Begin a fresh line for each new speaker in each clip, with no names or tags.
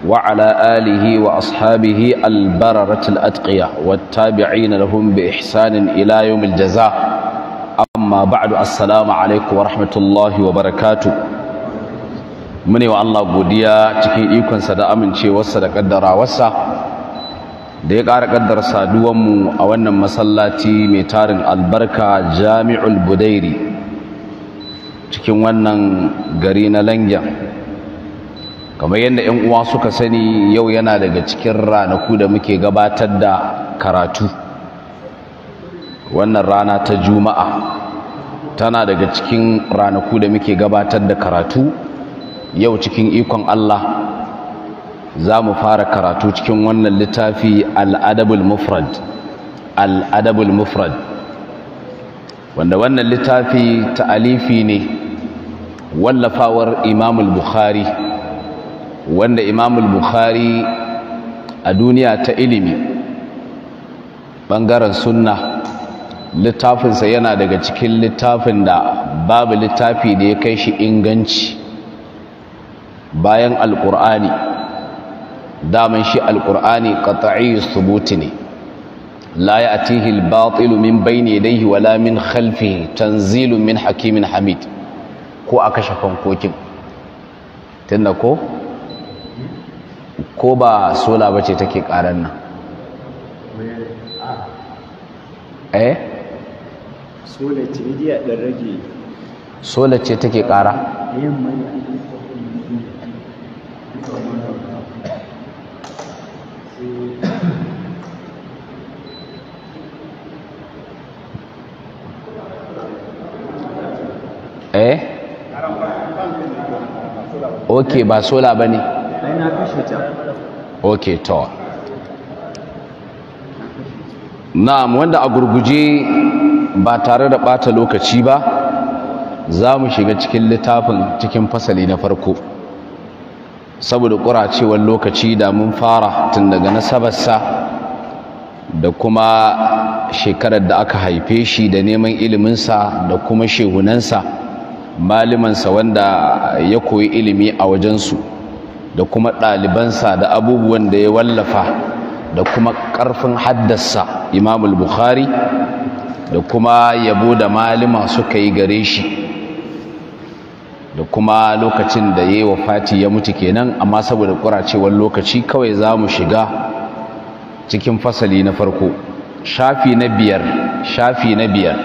وعلى آله وأصحابه البررة الأتقية والتابعين لهم بإحسان إلى يوم الجزاء أما بعد السلام عليكم ورحمة الله وبركاته mune wa Allah godiya cikin ikonsa da amincewarsa da kaddarawarsa da ya ƙara kaddar saduwanmu a wannan masallaci mai tarin albarka jami'ul budairi cikin wannan gari na langyan kamar yadda 'yan uwa suka sani yau yana daga cikin ranaku da muke gabatar da karatu wannan rana ta juma'a tana daga cikin ranaku da muke gabatar da karatu yau cikin ikon Allah za mu fara karatu cikin wannan littafi al'adabul mufrad al'adabul mufrad wanda wannan littafi ta'alifi ne wallafawar imamul bukhari wanda imamul bukhari a duniya ta ilimi bangaren sunna littafinsa yana daga cikin littafin da babu littafi da ya kai shi inganci bayan alƙur'ani daman shi alƙur'ani ƙata'i subuti ne la ya atihi albatilu min bayni yadayhi wala min khalfihi tanzilu min hakimin hamid ko a kashe fankokin tunda ko ko ba sola ba ce take ƙarar nan eh sola ce ya ɗan rage sola ce take ƙara eh ok ba sola ba ne ok to na'am wanda a gurguje ba tare da bata lokaci ba za mu shiga cikin littafin cikin fasali na farko saboda ƙuracewar lokaci da mun fara tun daga nasabarsa da kuma shekarar da aka haife shi da neman iliminsa da kuma shehunansa malimansa wanda ya koyi ilimi a wajensu da kuma ɗalibansa da abubuwan da ya wallafa da kuma ƙarfin haddasa imamul bukhari da kuma yabo da malima suka yi gare shi da kuma lokacin da ya yi wa Fati ya mutu kenan amma saboda ƙuracewar lokaci kawai za mu shiga cikin fasali na farko shafi na biyar shafi na biyar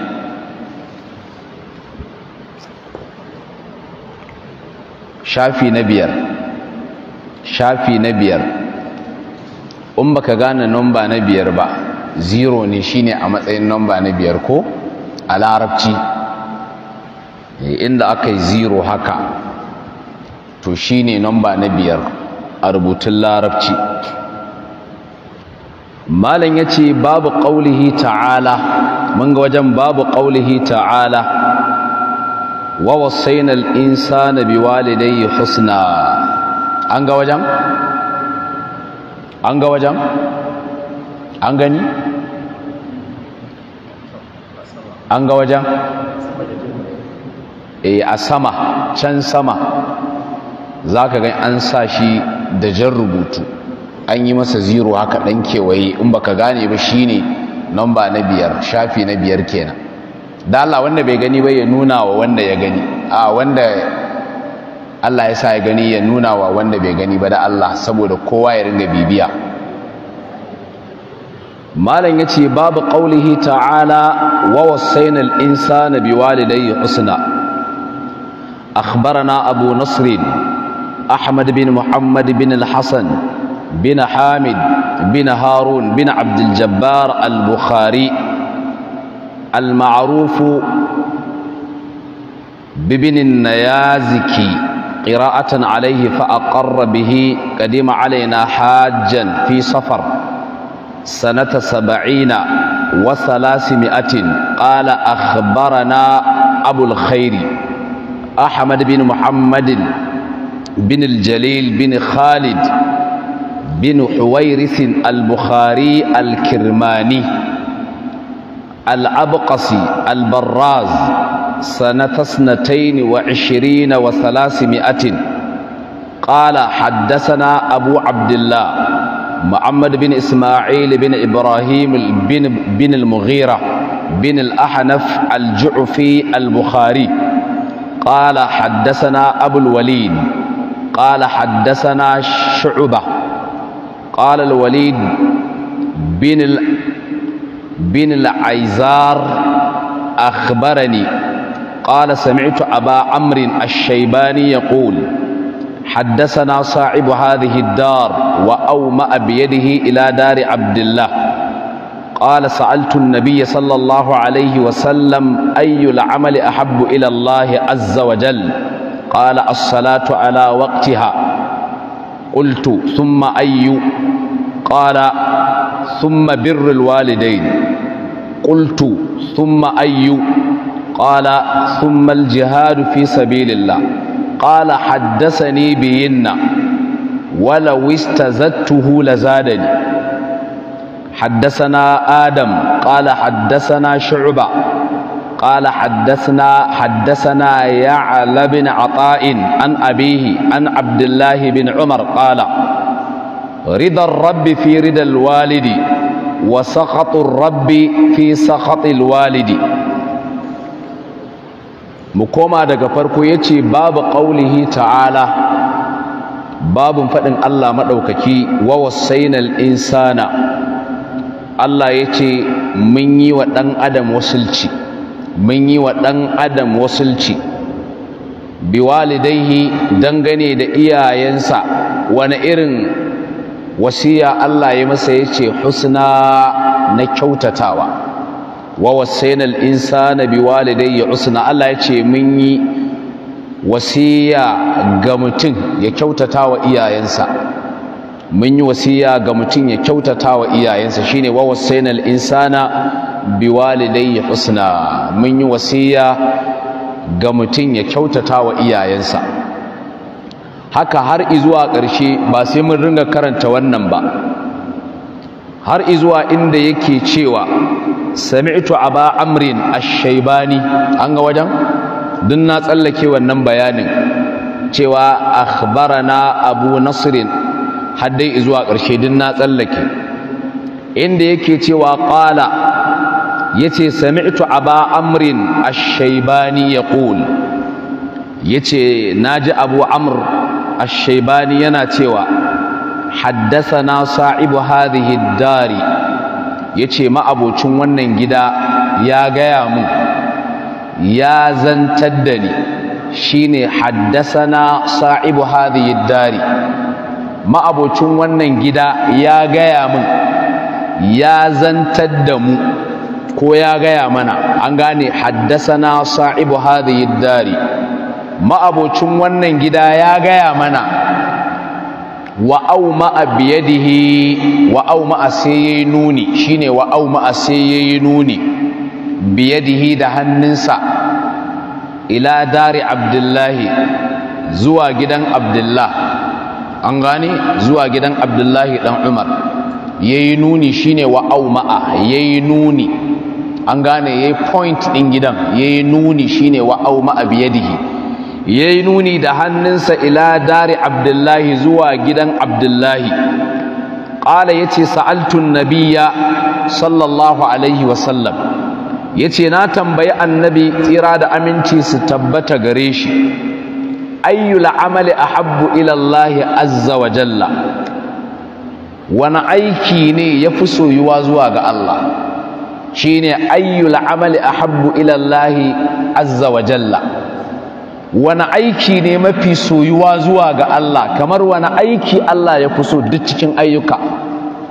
shafi na biyar shafi na biyar in baka gane nomba na biyar ba zero ne shine a matsayin nomba na biyar ko a larabci eh, inda aka yi zero haka to shine nomba na biyar a rubutun larabci malam ya ce babu ƙaulihi ta'ala mun ga wajen babu ƙaulihi ta'ala wa wasainal insana biwalidayhi husna an ga wajen an ga wajen an gani an ga wajen e a sama can sama za ka gani an sa shi da jan rubutu an yi masa ziro haka ɗan kewaye in baka gane ba shine namba na biyar shafi na biyar kenan da Allah wanda bai gani ba ya nuna wa wanda ya gani a wanda Allah ya sa ya gani ya nuna wa wanda bai gani ba da Allah saboda kowa ya ringa bibiya malam yace babu qaulihi ta'ala wa wasaina al bi biwalidayhi husna akhbarana abu Nasrin, ahmad bin muhammad bin al-hasan bin hamid bin harun bin abd al-jabbar al-bukhari al-ma'ruf بابن Nayaziki. قراءة عليه فأقر به قدم علينا حاجا في سفر سنة سبعين وثلاثمائة قال أخبرنا أبو الخير أحمد بن محمد بن الجليل بن خالد بن حويرث البخاري الكرماني العبقسي البراز سنة اثنتين وعشرين وثلاثمائة قال حدثنا أبو عبد الله محمد بن إسماعيل بن إبراهيم بن, بن المغيرة بن الأحنف الجعفي البخاري قال حدثنا أبو الوليد قال حدثنا شعبة قال الوليد بن ال... بن العيزار أخبرني قال سمعت أبا عمرو الشيباني يقول حدثنا صاحب هذه الدار وأومأ بيده إلى دار عبد الله قال سألت النبي صلى الله عليه وسلم أي العمل أحب إلى الله عز وجل قال الصلاة على وقتها قلت ثم أي قال ثم بر الوالدين قلت ثم أي قال ثم الجهاد في سبيل الله قال حدثني بهن ولو استزدته لزادني حدثنا آدم قال حدثنا شعبة قال حدثنا حدثنا يعلى بن عطاء عن أبيه عن عبد الله بن عمر قال رضا الرب في رضا الوالد وسخط الرب في سخط الوالد mu koma daga farko ya ce babu ƙaunihi ta'ala babu faɗin Allah maɗaukaki, wa wasainal insana Allah ya ce mun yi wa ɗan adam wasulci mun yi wa ɗan adam wasulci biwalidaihi dangane da iyayensa wani irin wasiya Allah ya masa ya ce husna na kyautatawa wa wasainal insana ya husna Allah ya ce mun yi wasiya ga mutum ya kyautata wa iyayensa mun yi wasiya ga mutum ya kyautata wa iyayensa Shi ne wa wasainal insana ya husna mun yi wasiya ga mutum ya kyautata wa iyayensa haka har izuwa ƙarshe ba sai mun ringa karanta wannan ba har izuwa inda yake cewa sami'tu aba amrin ash-shaybani an ga wajen dun na tsallake wannan bayanin cewa akhbarana abu nasrin haddai izuwa ƙarshe dun na tsallake inda yake cewa qala yace sami'tu aba amrin ash-shaybani yaqul yace naji abu amr ash-shaybani yana cewa haddasana sa'ibu hadhihi dari yace ma'abocin wannan gida ya gaya mun ya zantar da ni shine haddasana sa'ibu hadhihi dari ma'abocin wannan gida ya gaya mun ya zantar da mu ko ya gaya mana an gane haddasana sa'ibu hadhihi dari ma'abocin wannan gida ya gaya mana wa au ma'a biyadihi wa au ma'a sai yayi nuni shine wa au ma'a sai yayi nuni biyadihi da hannunsa ila dari abdullahi zuwa gidan abdullah an gane zuwa gidan abdullahi dan umar yayi nuni shine wa au ma'a yayi nuni an gane yayi point din gidan yayi nuni shine wa au ma'a biyadihi ya yi nuni da hannunsa ila dari abdullahi zuwa gidan abdullahi ƙala ya ce sa'altun nabiya sallallahu alaihi wasallam ya ce na tambayi annabi tsira da aminci su tabbata gare shi Ayyula amali a habbu ilallahi azza wa jalla wani aiki ne ya fi soyuwa zuwa ga Allah shi ne ayyula amali a habbu ilallahi azza wa jalla wani aiki ne mafi soyuwa zuwa ga Allah kamar wani aiki Allah ya fi so duk cikin ayyuka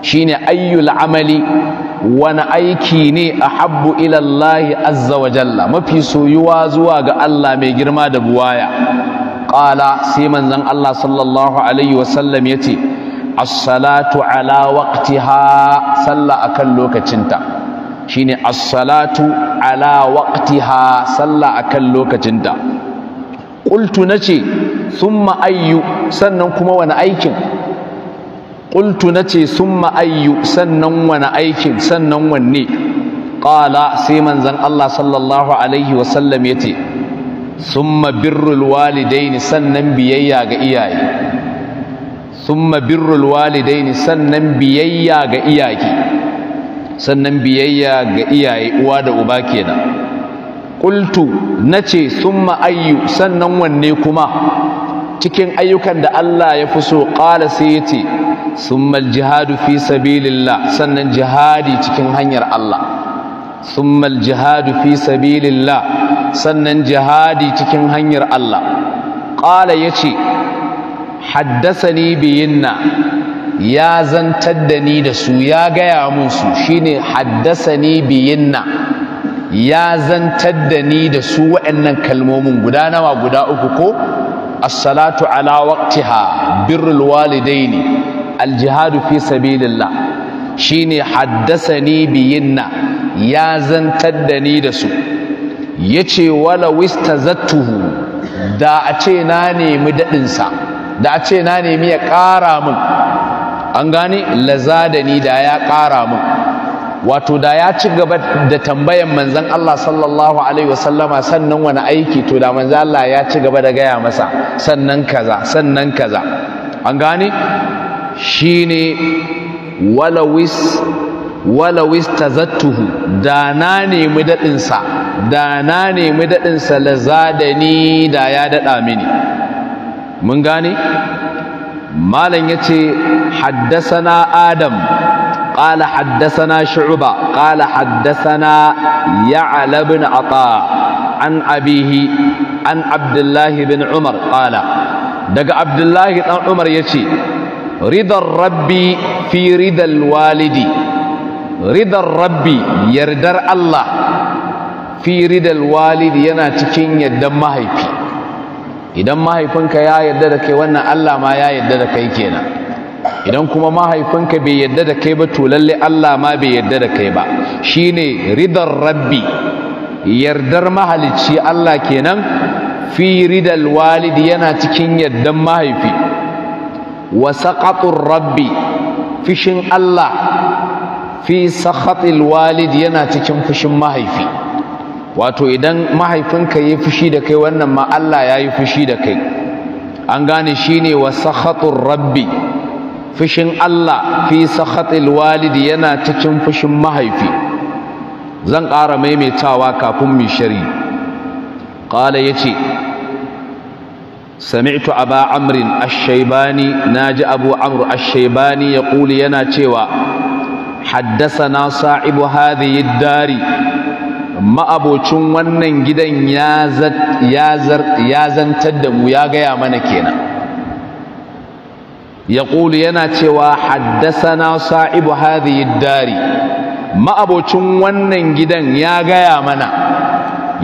shine ayyul amali wani aiki ne a habbu ilallahi azza wa jalla mafi soyuwa zuwa ga Allah mai girma da buwaya ƙala sai manzon Allah sallallahu alaihi wasallam ya ce as-salatu ala waqtiha sallah akan lokacinta shine as-salatu ala waqtiha sallah akan lokacinta qultu ce thumma ayyu sannan kuma wani aikin qultu nace thumma ayyu sannan wani aikin sannan wanne qala sai manzan Allah sallallahu alaihi wasallam yace thumma birrul walidaini sannan biyayya ga iyaye thumma birrul walidaini sannan biyayya ga iyaye sannan biyayya ga iyaye uwa da uba kenan qultu nace summa ayyu sannan wanne kuma cikin ayyukan da Allah ya fi so qala sai yace summa aljihadu fi sabilillah sannan jihadi cikin hanyar Allah summa aljihadu fi sabilillah sannan jihadi cikin hanyar Allah qala yace haddasani biyinna ya zantar da ni da su ya gaya mun su shine haddasani biyinna ya zantar da ni da su waɗannan kalmomin guda nawa guda uku ko as-salatu ala waqtiha birrul walidaini al aljihadu fi sabilillah shine haddasani biyinna ya zantar da ni da su yace wala wistazatuhu da a ce na nemi dadin sa da a ce na nemi ya kara min an gane lazadani da ya kara min wato da ya ci gaba da tambayan manzon Allah sallallahu alaihi wasallama sannan wani aiki to da manzon Allah ya ci gaba da gaya masa sannan kaza sannan kaza an gane shine walawis walawis tazattuhu da na nemi dadin sa da na nemi dadin sa lazadani da ya dada mini mun gane malam yace na adam قال حدثنا شعبة قال حدثنا يعلى بن عطاء عن أبيه عن عبد الله بن عمر قال دق عبد الله بن عمر يشي رضا الرب في رضا الوالد رضا الرب يردر الله في رضا الوالد ينا تكين يدن مهيبي idan mahaifinka ya yarda da kai wannan Allah ma ya yarda da kai kenan idan kuma mahaifinka bai yadda da kai ba to lalle Allah ma bai yadda da kai ba shine ridar rabbi yardar mahalicci Allah kenan fi ridal walidi yana cikin yardan mahaifi wa saqatur rabbi fishin Allah fi sakhatil walidi yana cikin fushin mahaifi wato idan mahaifinka yayi fushi da kai wannan ma Allah yayi fushi da kai an gane shine wa sakhatur rabbi fushin Allah fi sakhatil walidi yana cikin fushin mahaifi zan ƙara maimaitawa kafin mu shiri qala yace sami'tu aba amrin ash-shaybani naji abu amr ash-shaybani yaqulu yana cewa haddathana sa'ibu hadhihi ad-dari ma'abocin wannan gidan ya zantar da mu ya gaya mana kenan Ya yaqulu yana cewa haddasana sa'ibu hadhihi dari ma'abocin wannan gidan ya gaya mana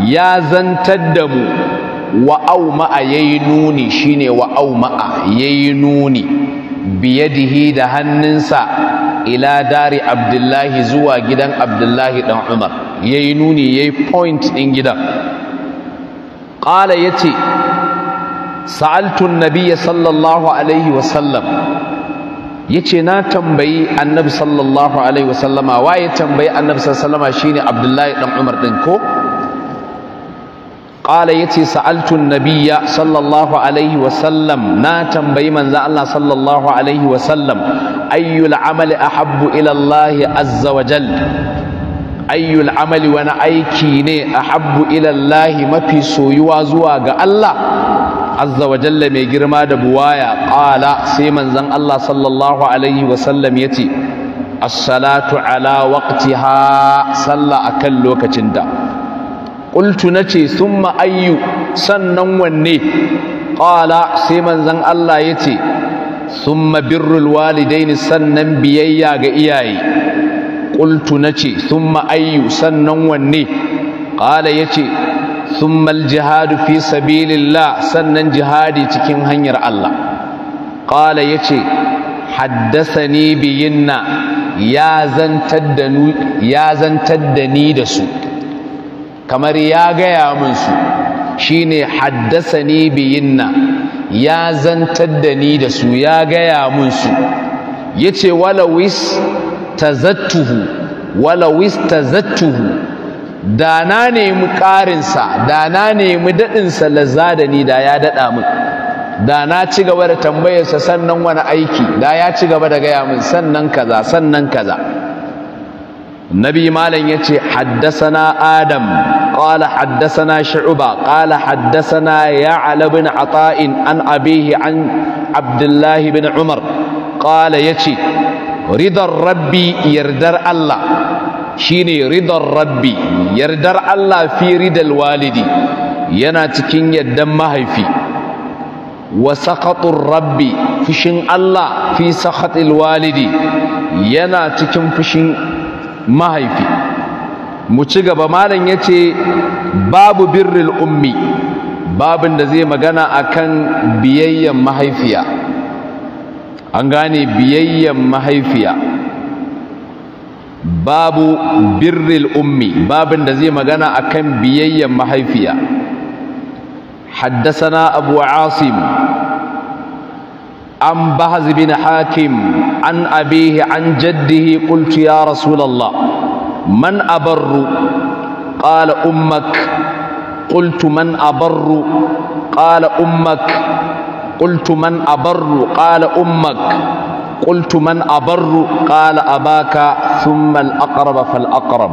ya zantar da mu wa'au ma'a yayi nuni shine wa'au ma'a yayi nuni biyadihi da hannunsa ila dari abdullahi zuwa gidan abdullahi dan umar yayi nuni yayi point ɗin gidan qala yace sa'altun nabiyya sallallahu alaihi wasallam yace na tambayi annabi sallallahu alaihi wasallama waye tambayi annabi sallallahu alaihi shine abdullahi dan umar ɗin ko qala yace sa'altun nabiyya sallallahu alaihi wasallam na tambayi manzo Allah sallallahu alaihi wasallam ayyul amali ahabbu ila Allah azza wa ayyul amali wani aiki ne ahabbu ila Allah mafi soyuwa zuwa ga Allah azza wa jalla mai girma da buwaya Ƙala, sai manzon Allah sallallahu alaihi wa sallam yace as-salatu ala waqtiha salla akan lokacinta qultu nace summa ayyu sannan wanne Ƙala, sai manzon Allah yace summa birrul walidaini sannan biyayya ga iyaye qultu nace summa ayyu sannan wanne Ƙala yace thummal jihadu fi sabilillah sannan jihadi cikin hanyar Allah qala yace haddasani biyinna ya zantar da ni ya zantar da ni da su kamar ya gaya min su shine haddasani biyinna ya zantar da ni da su ya gaya min su yace walawis tazattuhu walawis tazattuhu da na nemi ƙarinsa da na nemi daɗinsa lazzadani da ya daɗa min da na ci gaba da tambayarsa sannan wani aiki da ya ci gaba da gaya min sannan kaza sannan kaza nabi malam ya ce haddasana adam ƙala haddasana shu'uba ƙala haddasana ya'ala bin ata'in an abihi an abdullahi bin umar ƙala ya ce ridar rabbi yardar allah shine ridar rabbi yardar Allah fi ridal walidi yana cikin yaddan mahaifi wa sakatun rabbi fushin Allah fi sakatun walidi yana cikin fushin mahaifi mu ci gaba malam ce babu birrin ummi babin da zai magana a kan biyayyen mahaifiya an gane biyayyen mahaifiya babu birril ummi babin da zai magana akan biyayyen mahaifiya haddathana abu asim an bahz bin hakim an abihi an jaddihi qultu ya rasulullah man abarru qala ummak qultu man abarru qala ummak qultu man abarru qala ummak Ƙultu man abarru qala abaka thumma al-aqrab fal aqrab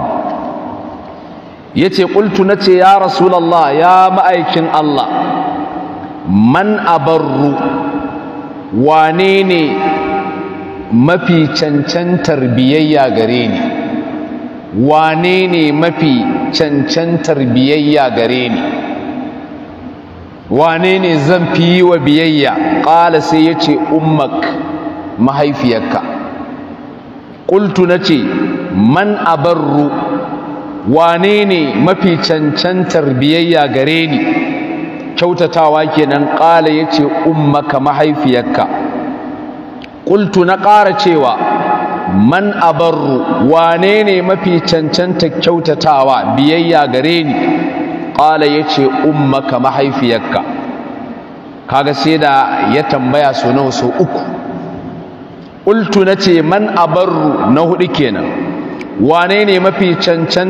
yace qultu nace ya rasulullah ya ma'aikin Allah man abarru wane ne mafi cancantar biyayya gare ni wane mafi cancantar biyayya gare ni wane zan fi yi wa biyayya ƙala sai yace ummak mahaifiyarka na ce man abarru wane ne mafi cancantar biyayya gare ni kyautatawa kenan ya yace ummaka mahaifiyarka ƙultu na ƙara cewa man abarru wane ne mafi cancantar kyautatawa biyayya gare ni ya yace ummaka mahaifiyarka kaga sai da ya tambaya sunan nawa so uku قلت نتي من أبر نهو لكينا وانيني ما في چنچن